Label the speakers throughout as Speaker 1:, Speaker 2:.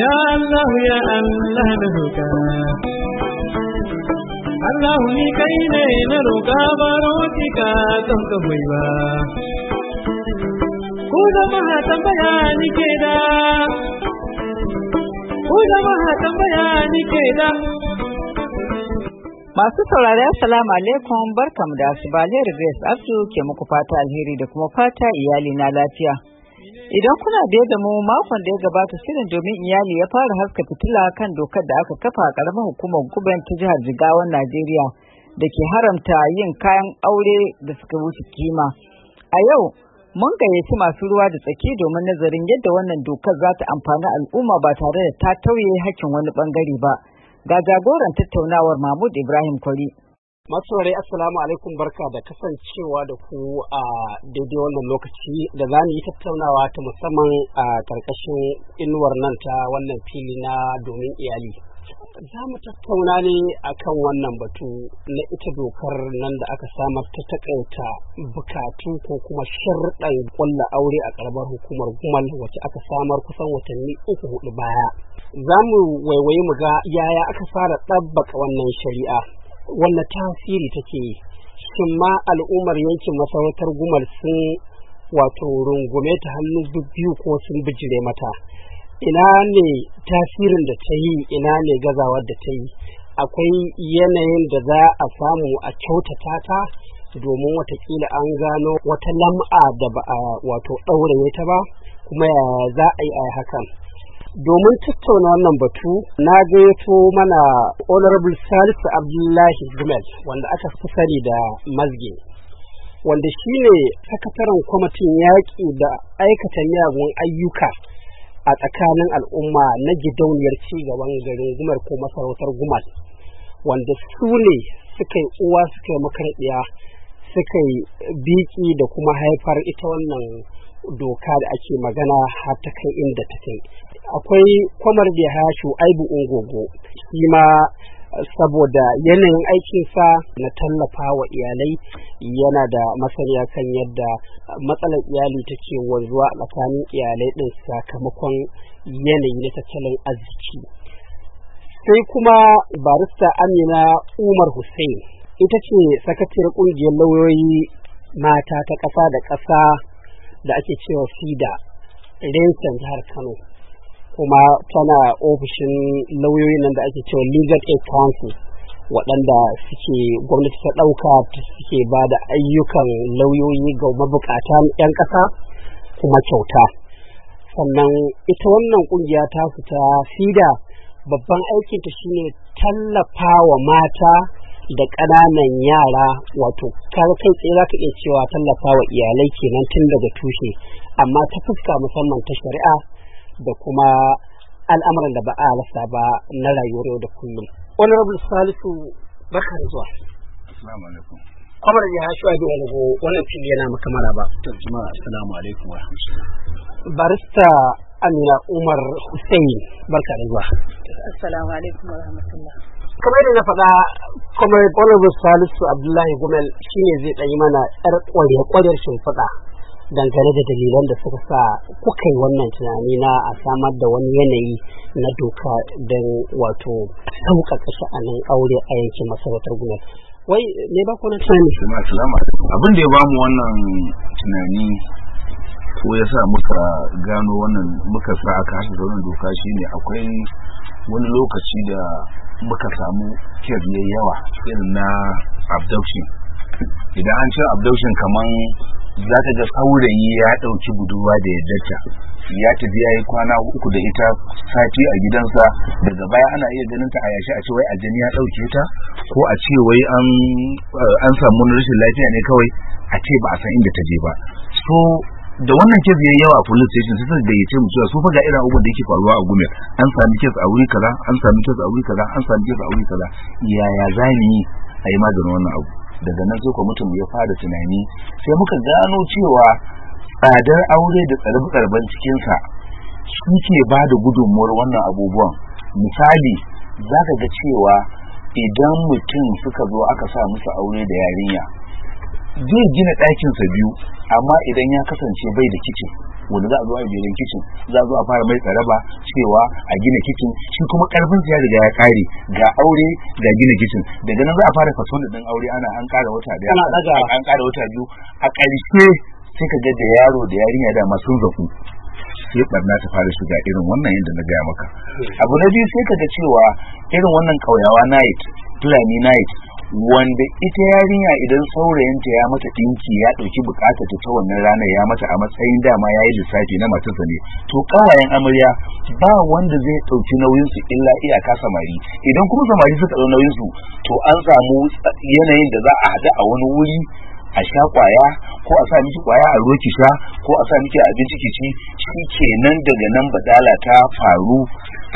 Speaker 1: Ya Allah ya Allah na roƙa
Speaker 2: Allah ni kai ne na roƙa
Speaker 1: baro ki ka don ka mai ba Ku jama'a tambaya ni ke da Ku jama'a tambaya ni ke da Masu saurari Assalamu alaikum barkamu da asuba Grace Abdu ke muku fata alheri da kuma fata iyali na lafiya. Idan kuna biye da mu makon da ya gabata shirin domin iyali ya fara haska fitila kan dokar da aka kafa a karamar hukumar guban ta jihar Jigawan Najeriya da ke haramta yin kayan aure da suka wuce kima. A yau mun gayyaci masu ruwa da tsaki domin nazarin yadda wannan dokar za ta amfani al'umma ba tare da ta tauye hakkin wani bangare ba. Ga jagoran tattaunawar Mahmud Ibrahim Kwari.
Speaker 2: Masarai assalamu alaikum barka da kasancewa da ku a daidai wannan lokaci da za mu yi tattaunawa ta musamman a karkashin inuwar nan ta wannan fili na domin iyali. Za mu tattauna ne a kan wannan batu na ita dokar nan da aka samar ta takaita bukatu ko kuma sharɗan ƙwallon aure a ƙaramar hukumar gumal wacce aka samar kusan watanni uku hudu baya. Za mu waiwayi mu ga yaya aka fara ɗabbaka wannan shari'a. wannan tasiri take yi shin ma al'ummar yankin masarautar gumal sun wato rungume ta hannu duk biyu ko sun bijire mata ina ne tasirin da ta yi ina ne gazawar da ta yi akwai yanayin da za a samu a kyautata ta domin watakila an gano wata lam'a da ba a wato ɗaure ta ba kuma yaya za a yi a hakan domin tattauna wannan batu na gayyato mana honorable salisu abdullahi Gumal, wanda aka fi sani da mazge wanda shi ne sakataren kwamitin yaƙi da aikata miyagun ayyuka a tsakanin al'umma na gidauniyar cigaban garin gumar ko masarautar gumal wanda su ne suka yi uwa suka yi makarɗiya suka yi biki da kuma haifar ita wannan doka da ake magana har ta kai inda ta kai akwai kwamar da ya aibu ungogo shi ma saboda yanayin aikinsa na tallafa wa iyalai yana da masaniya kan yadda matsalar iyali ta take wanzuwa a tsakanin iyalai ɗin sakamakon yanayi na tattalin arziki sai kuma barista amina umar hussein ita ce sakatiyar ƙungiyar lauyoyi mata ta ƙasa da ƙasa da ake cewa fida rinsen jihar kano kuma tana ofishin lauyoyi nan da ake cewa legal aid council waɗanda suke gwamnati ta ɗauka suke ba da ayyukan lauyoyi ga mabukatan 'yan ƙasa kuma kyauta sannan ita wannan ƙungiya ta fita fida babban aikinta shine tallafa wa mata da ƙananan yara wato kaga kai tsaye za ka iya cewa tallafa wa iyalai kenan tun daga tushe amma ta fuska musamman ta shari'a da kuma al'amuran da ba a rasa ba na rayuwar yau da kullum. honorable salisu bakar zuwa
Speaker 3: assalamu alaikum
Speaker 2: kamar ya hashi wa biyu wani wannan fili yana maka ba to jama'a assalamu alaikum wa barista amina umar hussein barka da zuwa
Speaker 3: assalamu alaikum wa rahmatullah
Speaker 2: kamar da na faɗa kuma honorable salisu abdullahi gumel shine zai ɗanyi mana yar ƙwarya-ƙwaryar shimfiɗa dangane da dalilan da suka sa kuka yi wannan tunani na a samar da wani yanayi na doka don wato sauƙaƙa sha'anin aure a yankin masarautar gumel wai me ba ku tunani
Speaker 3: abin da ya bamu wannan tunani ko ya sa muka gano wannan muka sa aka haka wannan doka shine akwai wani lokaci da muka samu kyar kiyar yawa irin na abduction idan an ce abduction kaman za ta ga saurayi ya ɗauki guduwa da ya jacca ya tafi ya kwana uku da ita sati a gidansa daga baya ana iya ganin ta a yashi a ce wai aljani ya ɗauke ta ko a ce wai an eh, samu rashin lafiya ne kawai a ce ba a san inda ta je ba so da wannan kes yayi yawa a police station sai ya ce mu cewa su faga ga irin abubuwan da yake faruwa a Gumel an sami kes a wuri kaza an sami kes a wuri kaza an sami kes a wuri kaza yaya za mu yi a yi maganin wannan abu daga nan sai kwamitin ya fara tunani sai muka gano cewa tsadar aure da tsarbe-tsarben cikinsa suke ba da gudunmuwar wannan abubuwan misali za ka ga cewa idan mutum suka zo aka sa musu aure da yarinya zai gina ɗakinsa biyu amma idan ya kasance bai da kicin wanda za a zo a gidan kicin za a zo a fara mai tsaraba cewa a gina kicin shi kuma karfin ya riga ya kare ga aure ga gina kicin daga nan za a fara da ɗan aure ana an ƙara wata daya an biyu a ƙarshe sai ka ga da yaro da yarinya da masu zafu sai barna ta fara shiga irin wannan yadda na gaya maka hmm. abu na biyu sai ka ga cewa irin wannan kauyawa night fulani night wanda ita yarinya idan saurayinta ya mata dinki ya ɗauki bukata ta ta wannan ranar ya mata a matsayin dama ya yi lissafi na matarsa ne to kawayen amarya ba wanda zai ɗauki nauyinsu illa iyaka samari idan kuma samari suka ɗau nauyinsu to an samu yanayin da za a haɗu a wani wuri a sha kwaya ko a sa miki kwaya a ruwa ki sha ko a sa miki abinci ki ci shi kenan daga nan badala ta faru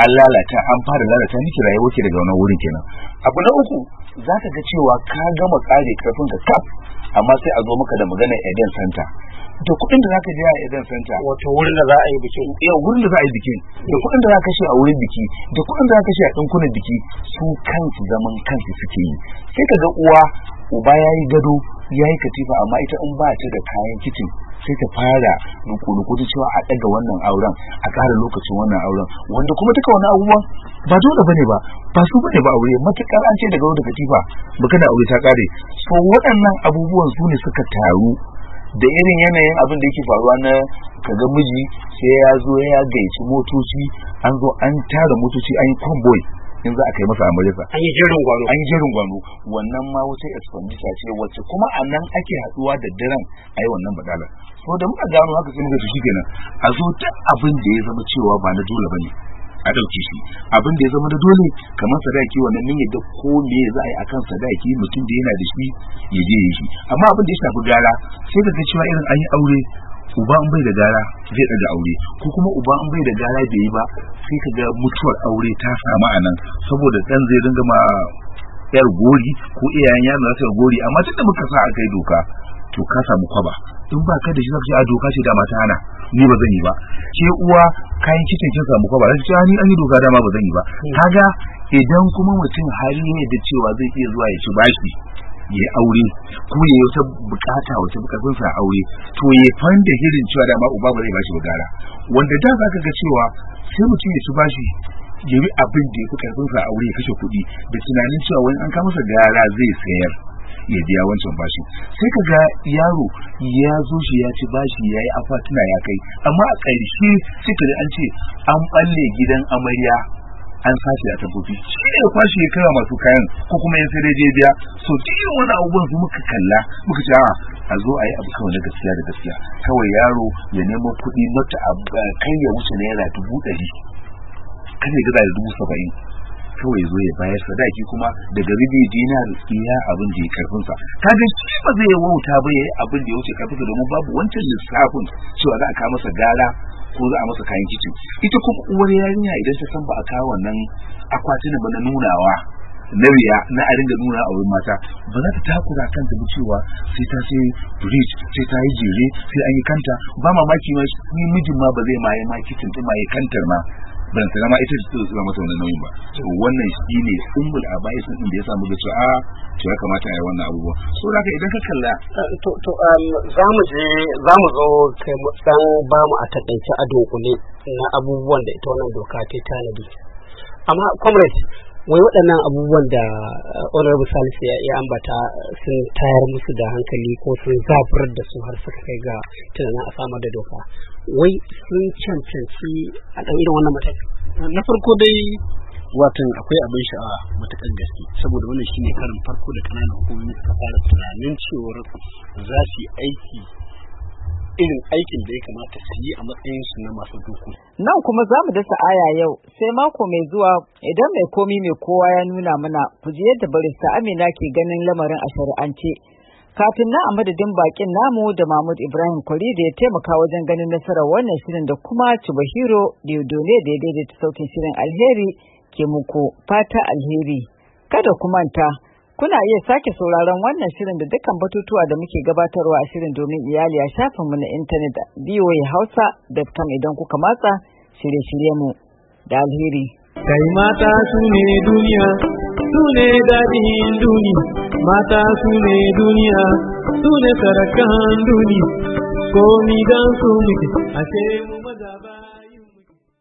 Speaker 3: an lalata an fara lalata miki rayuwa ki daga wannan wurin kenan abu na uku za ka ga cewa ka gama kare karfin ka kaf amma sai a zo maka da magana Eden Center da kuɗin da zaka je a Eden Center wato wurin da za a yi biki yau? wurin da za a yi biki da kuɗin da zaka kashe a wurin biki da kuɗin da zaka kashe a ɗinkunan biki su kansu zaman kansu suke yi sai ka ga uwa uba ya yi gado ya yi katifa amma ita in ba ta da kayan kicin sai ta fara rukuruku cewa a ɗaga wannan auren a ƙara lokacin wannan auren wanda kuma duka wani abubuwan ba dole ba ne ba ba su ba ne ba aure matuƙar an ce daga wanda katifa da aure ta ƙare so waɗannan abubuwan su ne suka taru da irin yanayin abin da yake faruwa na kaga miji sai ya zo ya gaici motoci an zo an tara motoci an yi convoy in za a kai masa a an yi jerin gwano an yi jerin gwano wannan ma wata esfandisa ce wacce kuma a nan ake haɗuwa da daren a yi wannan badalar so da muka gano haka sai muka shi kenan a zo duk abin da ya zama cewa ba na dole ba ne a ɗauke shi abin da ya zama na dole kamar sadaki wannan ne da ko me za a yi akan sadaki mutum da yana da shi ya je ya yi shi amma abin da ya shafi gara sai da cewa irin an yi aure uba an bai da gara zai daga aure ko kuma uba an bai da gara bai yi ba sai ka ga mutuwar aure ta samu a nan saboda ɗan zai dinga ma yar gori ko iyayen yaron za su gori amma tunda muka sa aka yi doka to ka samu kwaba in ba ka da shi zaka ce a doka ce da mata hana ni ba zan yi ba ke uwa kayan kicin kin samu kwaba zai ce ni an yi doka dama ba zan yi ba kaga idan kuma mutum hali ne da cewa zai iya zuwa ya ci bashi ya yi aure ko ya yi wata bukata wata bukatun sa aure to ya fanda hirin cewa da ma uba ba zai bashi ba gara wanda da za ka ga cewa sai mutum ya ci bashi ya yi abin da ya fi karfin sa aure ya kashe kuɗi da tunanin cewa wani an kama sa gara zai sayar ya biya wancan bashi sai ka ga yaro ya zo shi ya ci bashi ya yi afatuna ya kai amma a ƙarshe sai ka an ce an ɓalle gidan amarya an sace a tabbobi shi ne kwashi ya kira masu kayan ko kuma ya sai dai je biya so cikin wani abubuwan su muka kalla muka ce a ah, a zo a yi abu kawai na gaskiya da gaskiya kawai yaro ya nemo kuɗi mata kai ya wuce na yana dubu ɗari kan ya gada da dubu saba'in kawai zo ya bayar sadaki kuma daga ribi dinar iya abin da ya karfin sa kaga shi ba zai wauta ba ya yi abin da ya wuce karfin sa domin babu wancan lissafin cewa za a kawo masa gara ko za a masa kayan kicin ita kuma uwar yarinya idan ta san ba a kawo wannan akwatuna ba na nunawa na riya na a ringa nuna a wurin mata ba za ta takura kanta ba cewa sai ta sai bridge sai ta yi jere sai an yi kanta ba mamaki ma mijin ma ba zai ma yi ma kicin ma yi kantar ma dan ta ma ita ce ta mata wannan nauyin ba to wannan shine umul abai sun inda ya samu da cewa ah, to ya kamata a wannan abubuwa so da
Speaker 2: idan ka kalla eh, to to um, za mu je zamu zo kai mu dan ba mu a takaice a dokune na abubuwan da ita wannan doka ta tanadi amma comrade wai waɗannan abubuwan da eh, honorable salisu ya ambata eh, sun tayar musu da hankali ko sun zafirar da su har suka kai ga tunanin a samar da doka wai sun cancanci a ɗan irin wannan matakai. na farko dai watan akwai abin sha'awa matakan gaske saboda wannan shine karin farko da kananan hukumomi suka fara tunanin cewar za su yi aiki irin
Speaker 3: aikin da ya kamata su yi a matsayin su na masu duku.
Speaker 1: Nan kuma za mu dasa aya yau sai mako mai zuwa idan mai komi mai kowa ya nuna mana ku je yadda barista Amina ke ganin lamarin a shari'ance. Kafin na a madadin bakin namu da Mahmud Ibrahim Kwari da ya taimaka wajen ganin nasarar wannan shirin da kuma Cibahiro da Yodone da ya daidaita sautin shirin alheri ke muku fata alheri. Kada ku manta. Kuna iya sake sauraron wannan shirin da dukkan batutuwa da muke gabatarwa a shirin domin iyali a shafinmu na intanet voahausa.com idan kuka matsa shirye-shiryenmu da alheri. Kai mata su ne duniya, su ne daɗin duniya, mata su ne duniya, su ne sarakan duniya, mi don su a ashe
Speaker 2: mu maza